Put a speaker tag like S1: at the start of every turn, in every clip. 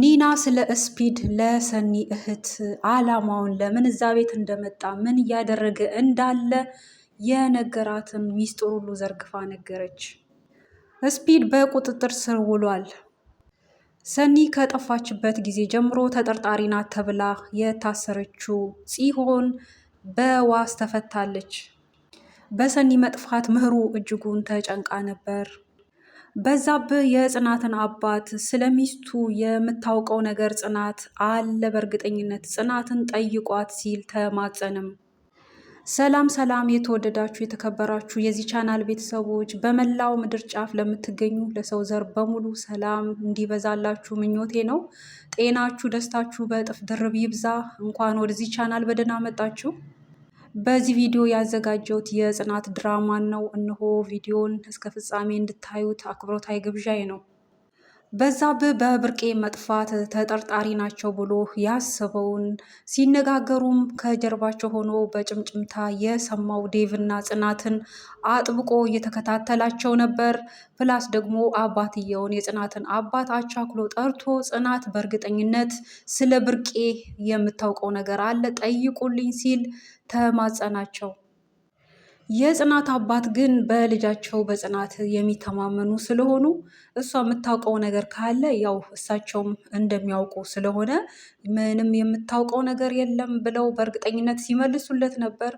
S1: ኒና ስለ ስፒድ ለሰኒ እህት አላማውን ለምን እዛ ቤት እንደመጣ ምን እያደረገ እንዳለ የነገራትን ሚስጥር ሁሉ ዘርግፋ ነገረች። ስፒድ በቁጥጥር ስር ውሏል። ሰኒ ከጠፋችበት ጊዜ ጀምሮ ተጠርጣሪ ናት ተብላ የታሰረችው ሲሆን በዋስ ተፈታለች። በሰኒ መጥፋት ምህሩ እጅጉን ተጨንቃ ነበር። በዛብህ የጽናትን አባት ስለሚስቱ የምታውቀው ነገር ጽናት አለ በእርግጠኝነት ጽናትን ጠይቋት ሲል ተማጸንም። ሰላም ሰላም! የተወደዳችሁ የተከበራችሁ የዚህ ቻናል ቤተሰቦች በመላው ምድር ጫፍ ለምትገኙ ለሰው ዘር በሙሉ ሰላም እንዲበዛላችሁ ምኞቴ ነው። ጤናችሁ፣ ደስታችሁ በእጥፍ ድርብ ይብዛ። እንኳን ወደዚህ ቻናል በደህና መጣችሁ። በዚህ ቪዲዮ ያዘጋጀሁት የጽናት ድራማን ነው። እነሆ ቪዲዮን እስከ ፍጻሜ እንድታዩት አክብሮታዊ ግብዣዬ ነው። በዛብህ በብርቄ መጥፋት ተጠርጣሪ ናቸው ብሎ ያስበውን ሲነጋገሩም ከጀርባቸው ሆኖ በጭምጭምታ የሰማው ዴቭና ጽናትን አጥብቆ እየተከታተላቸው ነበር። ፕላስ ደግሞ አባትየውን የጽናትን አባት አቻክሎ ጠርቶ ጽናት በእርግጠኝነት ስለ ብርቄ የምታውቀው ነገር አለ ጠይቁልኝ ሲል ተማጸናቸው። የጽናት አባት ግን በልጃቸው በጽናት የሚተማመኑ ስለሆኑ እሷ የምታውቀው ነገር ካለ ያው እሳቸውም እንደሚያውቁ ስለሆነ ምንም የምታውቀው ነገር የለም ብለው በእርግጠኝነት ሲመልሱለት ነበር።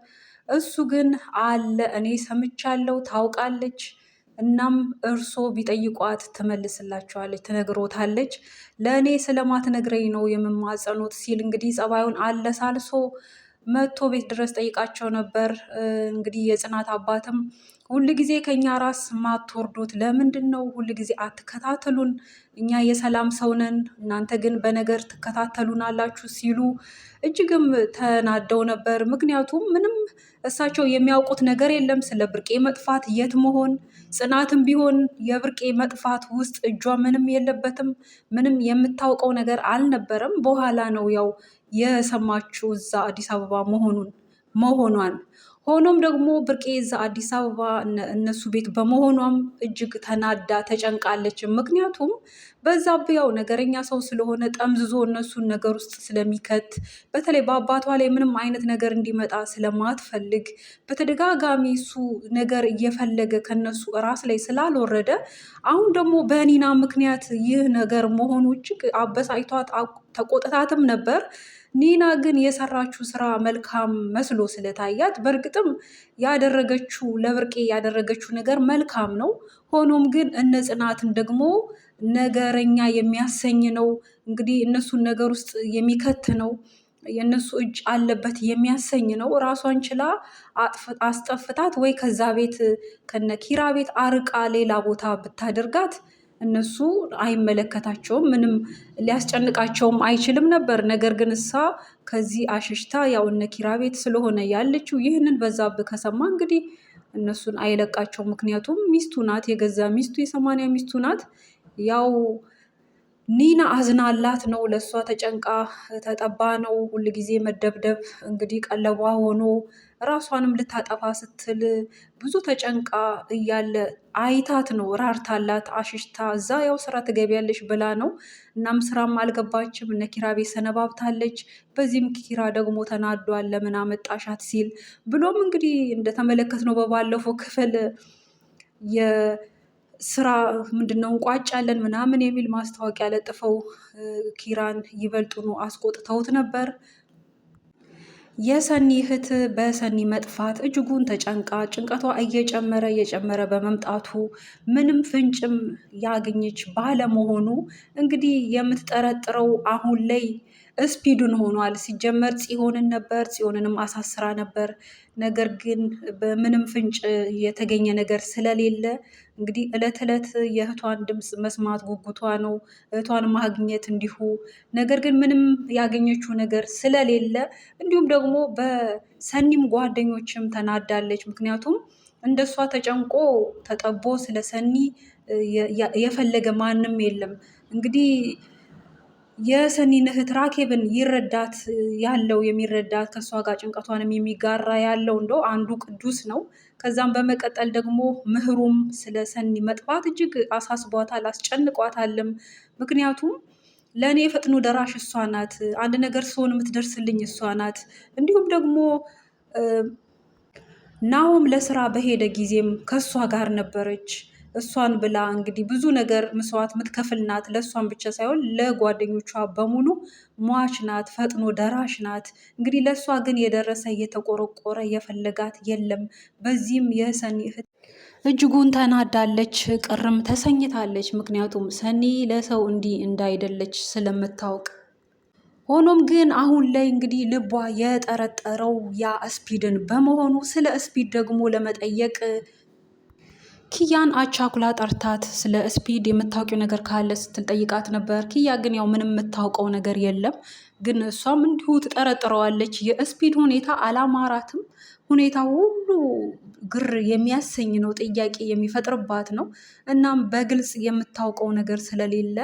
S1: እሱ ግን አለ እኔ ሰምቻለሁ፣ ታውቃለች እናም እርሶ ቢጠይቋት ትመልስላቸዋለች፣ ትነግሮታለች። ለእኔ ስለማትነግረኝ ነው የምማጸኑት ሲል እንግዲህ ጸባዩን አለሳልሶ መጥቶ ቤት ድረስ ጠይቃቸው ነበር። እንግዲህ የጽናት አባትም ሁል ጊዜ ከእኛ ራስ ማትወርዱት ለምንድን ነው? ሁል ጊዜ አትከታተሉን፣ እኛ የሰላም ሰው ነን፣ እናንተ ግን በነገር ትከታተሉን አላችሁ ሲሉ እጅግም ተናደው ነበር። ምክንያቱም ምንም እሳቸው የሚያውቁት ነገር የለም ስለ ብርቄ መጥፋት፣ የት መሆን ጽናትም ቢሆን የብርቄ መጥፋት ውስጥ እጇ ምንም የለበትም። ምንም የምታውቀው ነገር አልነበረም። በኋላ ነው ያው የሰማችው እዛ አዲስ አበባ መሆኑን መሆኗን ሆኖም ደግሞ ብርቄ እዛ አዲስ አበባ እነሱ ቤት በመሆኗም እጅግ ተናዳ ተጨንቃለች። ምክንያቱም በዛብህ ያው ነገረኛ ሰው ስለሆነ ጠምዝዞ እነሱን ነገር ውስጥ ስለሚከት በተለይ በአባቷ ላይ ምንም አይነት ነገር እንዲመጣ ስለማትፈልግ በተደጋጋሚ እሱ ነገር እየፈለገ ከነሱ ራስ ላይ ስላልወረደ አሁን ደግሞ በኒና ምክንያት ይህ ነገር መሆኑ እጅግ አበሳጭቷት ተቆጥታትም ነበር። ኒና ግን የሰራችው ስራ መልካም መስሎ ስለታያት በእርግጥም ያደረገችው ለብርቄ ያደረገችው ነገር መልካም ነው። ሆኖም ግን እነ ጽናትን ደግሞ ነገረኛ የሚያሰኝ ነው። እንግዲህ እነሱን ነገር ውስጥ የሚከት ነው የእነሱ እጅ አለበት የሚያሰኝ ነው። ራሷን ችላ አስጠፍታት ወይ ከዛ ቤት ከነ ኪራ ቤት አርቃ ሌላ ቦታ ብታደርጋት እነሱ አይመለከታቸውም፣ ምንም ሊያስጨንቃቸውም አይችልም ነበር። ነገር ግን እሳ ከዚህ አሸሽታ ያው እነ ኪራ ቤት ስለሆነ ያለችው ይህንን በዛብህ ከሰማ እንግዲህ እነሱን አይለቃቸው። ምክንያቱም ሚስቱ ናት፣ የገዛ ሚስቱ የሰማንያ ሚስቱ ናት። ያው ኒና አዝናላት ነው፣ ለእሷ ተጨንቃ ተጠባ ነው። ሁልጊዜ መደብደብ እንግዲህ ቀለቧ ሆኖ ራሷንም ልታጠፋ ስትል ብዙ ተጨንቃ እያለ አይታት ነው ራርታላት አሽሽታ እዛ ያው ስራ ትገቢያለሽ ብላ ነው። እናም ስራም አልገባችም። እነ ኪራ ቤት ሰነባብታለች። በዚህም ኪራ ደግሞ ተናዷል። ለምን አመጣሻት ሲል ብሎም እንግዲህ እንደተመለከትነው በባለፈው ክፍል ስራ ምንድን ነው እንቋጫለን ምናምን የሚል ማስታወቂያ ለጥፈው ኪራን ይበልጡኑ አስቆጥተውት ነበር። የሰኒ እህት በሰኒ መጥፋት እጅጉን ተጨንቃ ጭንቀቷ እየጨመረ እየጨመረ በመምጣቱ ምንም ፍንጭም ያገኘች ባለመሆኑ እንግዲህ የምትጠረጥረው አሁን ላይ ስፒዱን ሆኗል። ሲጀመር ጽዮንን ነበር ጽዮንንም አሳስራ ነበር። ነገር ግን በምንም ፍንጭ የተገኘ ነገር ስለሌለ እንግዲህ እለት እለት የእህቷን ድምፅ መስማት ጉጉቷ ነው፣ እህቷን ማግኘት እንዲሁ። ነገር ግን ምንም ያገኘችው ነገር ስለሌለ እንዲሁም ደግሞ በሰኒም ጓደኞችም ተናዳለች። ምክንያቱም እንደሷ ተጨንቆ ተጠቦ ስለ ሰኒ የፈለገ ማንም የለም እንግዲህ የሰኒነት ራኬብን ይረዳት ያለው የሚረዳት ከእሷ ጋር ጭንቀቷንም የሚጋራ ያለው እንደው አንዱ ቅዱስ ነው። ከዛም በመቀጠል ደግሞ ምህሩም ስለ ሰኒ መጥፋት እጅግ አሳስቧታል፣ አስጨንቋታልም። ምክንያቱም ለእኔ የፈጥኖ ደራሽ እሷ ናት፣ አንድ ነገር ሲሆን የምትደርስልኝ እሷ ናት። እንዲሁም ደግሞ ናሆም ለስራ በሄደ ጊዜም ከእሷ ጋር ነበረች። እሷን ብላ እንግዲህ ብዙ ነገር መስዋዕት የምትከፍል ናት። ለእሷን ብቻ ሳይሆን ለጓደኞቿ በሙሉ ሟች ናት፣ ፈጥኖ ደራሽ ናት። እንግዲህ ለእሷ ግን የደረሰ የተቆረቆረ የፈለጋት የለም። በዚህም የሰኒ እህት እጅጉን ተናዳለች፣ ቅርም ተሰኝታለች። ምክንያቱም ሰኒ ለሰው እንዲህ እንዳይደለች ስለምታውቅ ሆኖም ግን አሁን ላይ እንግዲህ ልቧ የጠረጠረው ያ እስፒድን በመሆኑ ስለ እስፒድ ደግሞ ለመጠየቅ ኪያን አቻኩላ ጠርታት ስለ ስፒድ የምታውቂው ነገር ካለ ስትል ጠይቃት ነበር። ኪያ ግን ያው ምንም የምታውቀው ነገር የለም። ግን እሷም እንዲሁ ትጠረጥረዋለች። የስፒድ ሁኔታ አላማራትም። ሁኔታ ሁሉ ግር የሚያሰኝ ነው፣ ጥያቄ የሚፈጥርባት ነው። እናም በግልጽ የምታውቀው ነገር ስለሌለ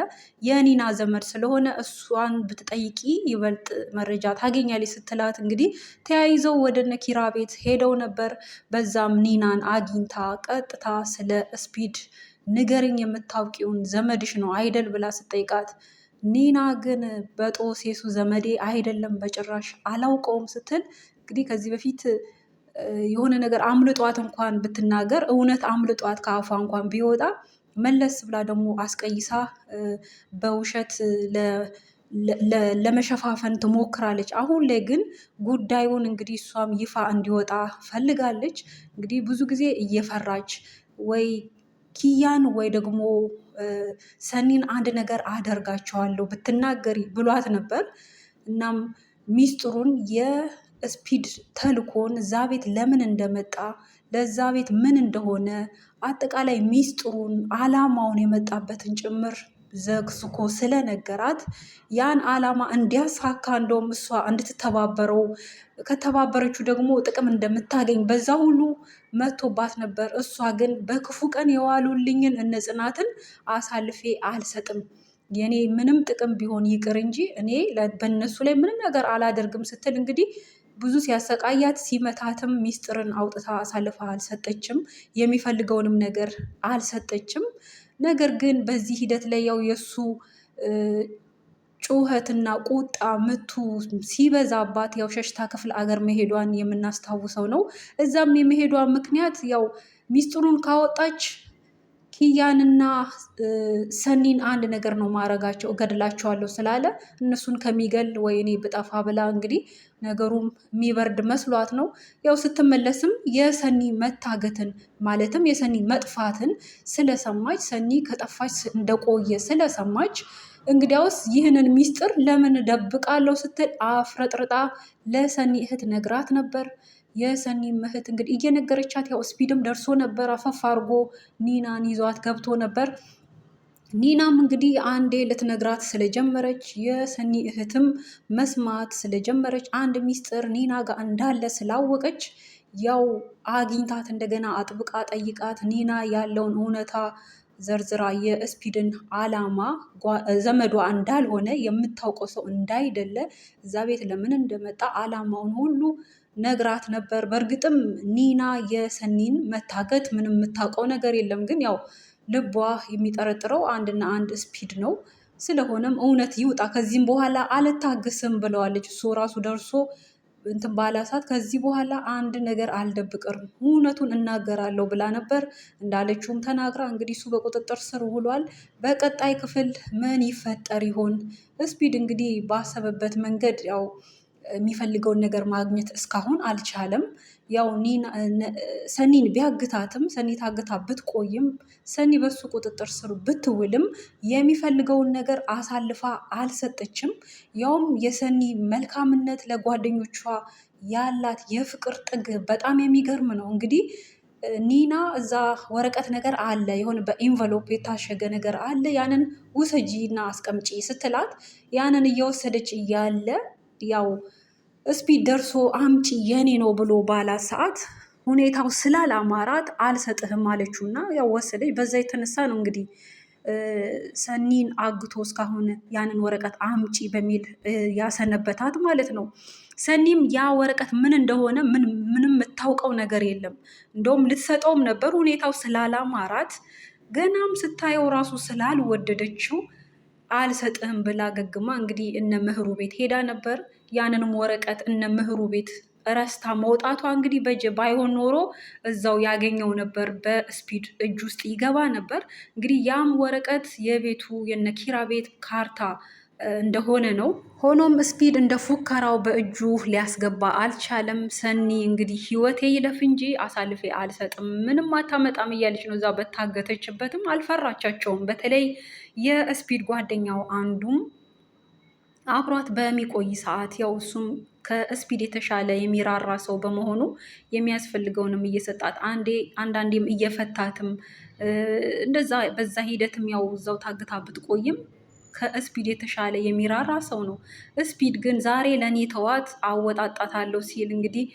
S1: የኒና ዘመድ ስለሆነ እሷን ብትጠይቂ ይበልጥ መረጃ ታገኛለች ስትላት እንግዲህ ተያይዘው ወደ ነኪራ ቤት ሄደው ነበር። በዛም ኒናን አግኝታ ቀጥታ ስለ ስፒድ ንገርኝ የምታውቂውን ዘመድሽ ነው አይደል ብላ ስትጠይቃት ኒና ግን በጦሴሱ ዘመዴ አይደለም በጭራሽ አላውቀውም ስትል እንግዲህ ከዚህ በፊት የሆነ ነገር አምልጧት እንኳን ብትናገር እውነት አምልጧት ከአፏ እንኳን ቢወጣ መለስ ብላ ደግሞ አስቀይሳ በውሸት ለመሸፋፈን ትሞክራለች። አሁን ላይ ግን ጉዳዩን እንግዲህ እሷም ይፋ እንዲወጣ ፈልጋለች። እንግዲህ ብዙ ጊዜ እየፈራች ወይ ኪያን ወይ ደግሞ ሰኒን አንድ ነገር አደርጋቸዋለሁ ብትናገሪ ብሏት ነበር። እናም ሚስጥሩን ስፒድ ተልኮን እዛ ቤት ለምን እንደመጣ ለዛ ቤት ምን እንደሆነ አጠቃላይ ሚስጥሩን አላማውን የመጣበትን ጭምር ዘግዝኮ ስለነገራት ያን አላማ እንዲያሳካ እንደውም እሷ እንድትተባበረው ከተባበረችው ደግሞ ጥቅም እንደምታገኝ በዛ ሁሉ መቶባት ነበር። እሷ ግን በክፉ ቀን የዋሉልኝን እነ ጽናትን አሳልፌ አልሰጥም የኔ ምንም ጥቅም ቢሆን ይቅር እንጂ እኔ በእነሱ ላይ ምንም ነገር አላደርግም ስትል እንግዲህ ብዙ ሲያሰቃያት ሲመታትም ሚስጥርን አውጥታ አሳልፋ አልሰጠችም። የሚፈልገውንም ነገር አልሰጠችም። ነገር ግን በዚህ ሂደት ላይ ያው የእሱ ጩኸትና ቁጣ ምቱ ሲበዛባት ያው ሸሽታ ክፍል አገር መሄዷን የምናስታውሰው ነው። እዛም የመሄዷ ምክንያት ያው ሚስጥሩን ካወጣች ኪያንና ሰኒን አንድ ነገር ነው ማረጋቸው፣ እገድላቸዋለሁ ስላለ እነሱን ከሚገል ወይ እኔ ብጠፋ ብላ እንግዲህ ነገሩም የሚበርድ መስሏት ነው። ያው ስትመለስም የሰኒ መታገትን ማለትም የሰኒ መጥፋትን ስለሰማች ሰኒ ከጠፋች እንደቆየ ስለሰማች እንግዲያውስ ይህንን ሚስጥር ለምን ደብቃለሁ ስትል አፍረጥርጣ ለሰኒ እህት ነግራት ነበር። የሰኒ እህት እንግዲህ እየነገረቻት ያው ስፒድም ደርሶ ነበር። አፈፍ አድርጎ ኒናን ይዟት ገብቶ ነበር። ኒናም እንግዲህ አንዴ ልትነግራት ስለጀመረች የሰኒ እህትም መስማት ስለጀመረች አንድ ሚስጥር ኒና ጋር እንዳለ ስላወቀች ያው አግኝታት እንደገና አጥብቃ ጠይቃት ኒና ያለውን እውነታ ዘርዝራ የስፒድን ዓላማ ዘመዷ እንዳልሆነ የምታውቀው ሰው እንዳይደለ እዛ ቤት ለምን እንደመጣ ዓላማውን ሁሉ ነግራት ነበር። በእርግጥም ኒና የሰኒን መታገት ምንም የምታውቀው ነገር የለም፣ ግን ያው ልቧ የሚጠረጥረው አንድና አንድ ስፒድ ነው። ስለሆነም እውነት ይውጣ ከዚህም በኋላ አልታግስም ብለዋለች። እሱ ራሱ ደርሶ እንትን ባላሳት ከዚህ በኋላ አንድ ነገር አልደብቅም እውነቱን እናገራለሁ ብላ ነበር። እንዳለችውም ተናግራ እንግዲህ እሱ በቁጥጥር ስር ውሏል። በቀጣይ ክፍል ምን ይፈጠር ይሆን? ስፒድ እንግዲህ ባሰበበት መንገድ ያው የሚፈልገውን ነገር ማግኘት እስካሁን አልቻለም። ያው ሰኒን ቢያግታትም ሰኒ ታግታ ብትቆይም ሰኒ በሱ ቁጥጥር ስር ብትውልም የሚፈልገውን ነገር አሳልፋ አልሰጠችም። ያውም የሰኒ መልካምነት ለጓደኞቿ ያላት የፍቅር ጥግ በጣም የሚገርም ነው። እንግዲህ ኒና እዛ ወረቀት ነገር አለ፣ የሆነ በኢንቨሎፕ የታሸገ ነገር አለ፣ ያንን ውሰጂ እና አስቀምጪ ስትላት ያንን እየወሰደች እያለ ያው ስፒድ ደርሶ አምጪ የኔ ነው ብሎ ባላት ሰዓት ሁኔታው ስላላማራት አልሰጥህም አለችው እና ያው ወሰደች። በዛ የተነሳ ነው እንግዲህ ሰኒን አግቶ እስካሁን ያንን ወረቀት አምጪ በሚል ያሰነበታት ማለት ነው። ሰኒም ያ ወረቀት ምን እንደሆነ ምንም የምታውቀው ነገር የለም። እንደውም ልትሰጠውም ነበር ሁኔታው ስላላማራት ገናም ስታየው ራሱ ስላልወደደችው አልሰጥህም ብላ ገግማ እንግዲህ እነ ምህሩ ቤት ሄዳ ነበር። ያንንም ወረቀት እነ ምህሩ ቤት እረስታ መውጣቷ እንግዲህ በጀ ባይሆን ኖሮ እዛው ያገኘው ነበር፣ በስፒድ እጅ ውስጥ ይገባ ነበር። እንግዲህ ያም ወረቀት የቤቱ የነኪራ ቤት ካርታ እንደሆነ ነው። ሆኖም ስፒድ እንደ ፉከራው በእጁ ሊያስገባ አልቻለም። ሰኒ እንግዲህ ህይወቴ ይለፍ እንጂ አሳልፌ አልሰጥም፣ ምንም አታመጣም እያለች ነው። እዛ በታገተችበትም አልፈራቻቸውም። በተለይ የስፒድ ጓደኛው አንዱም አብሯት በሚቆይ ሰዓት ያው እሱም ከስፒድ የተሻለ የሚራራ ሰው በመሆኑ የሚያስፈልገውንም እየሰጣት አንዴ አንዳንዴም እየፈታትም እንደዛ በዛ ሂደትም ያው እዛው ታግታ ብትቆይም ከስፒድ የተሻለ የሚራራ ሰው ነው። ስፒድ ግን ዛሬ ለእኔ ተዋት አወጣጣታለሁ ሲል እንግዲህ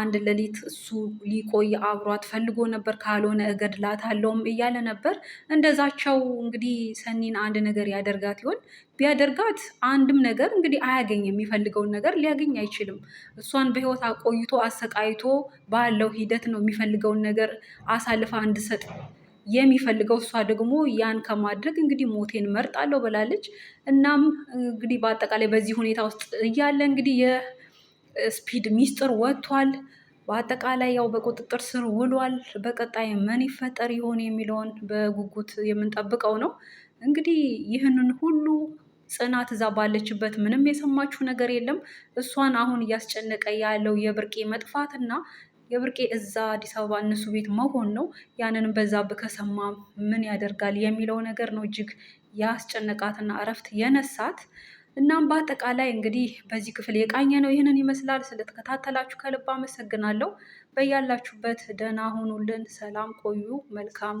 S1: አንድ ሌሊት እሱ ሊቆይ አብሯት ፈልጎ ነበር። ካልሆነ እገድላታለሁም እያለ ነበር። እንደዛቸው እንግዲህ ሰኒን አንድ ነገር ያደርጋት ይሆን? ቢያደርጋት አንድም ነገር እንግዲህ አያገኝም። የሚፈልገውን ነገር ሊያገኝ አይችልም። እሷን በህይወት አቆይቶ አሰቃይቶ ባለው ሂደት ነው የሚፈልገውን ነገር አሳልፋ እንድሰጥ የሚፈልገው እሷ ደግሞ ያን ከማድረግ እንግዲህ ሞቴን መርጣለሁ ብላለች። እናም እንግዲህ በአጠቃላይ በዚህ ሁኔታ ውስጥ እያለ እንግዲህ የስፒድ ሚስጥር ወጥቷል። በአጠቃላይ ያው በቁጥጥር ስር ውሏል። በቀጣይ ምን ይፈጠር ይሆን የሚለውን በጉጉት የምንጠብቀው ነው። እንግዲህ ይህንን ሁሉ ጽናት እዛ ባለችበት ምንም የሰማችው ነገር የለም። እሷን አሁን እያስጨነቀ ያለው የብርቄ መጥፋት እና የብርቄ እዛ አዲስ አበባ እነሱ ቤት መሆን ነው። ያንንም በዛ ብከሰማ ምን ያደርጋል የሚለው ነገር ነው እጅግ ያስጨነቃትና እረፍት የነሳት። እናም በአጠቃላይ እንግዲህ በዚህ ክፍል የቃኘ ነው ይህንን ይመስላል። ስለተከታተላችሁ ከልብ አመሰግናለሁ። በያላችሁበት ደህና ሁኑልን። ሰላም ቆዩ። መልካም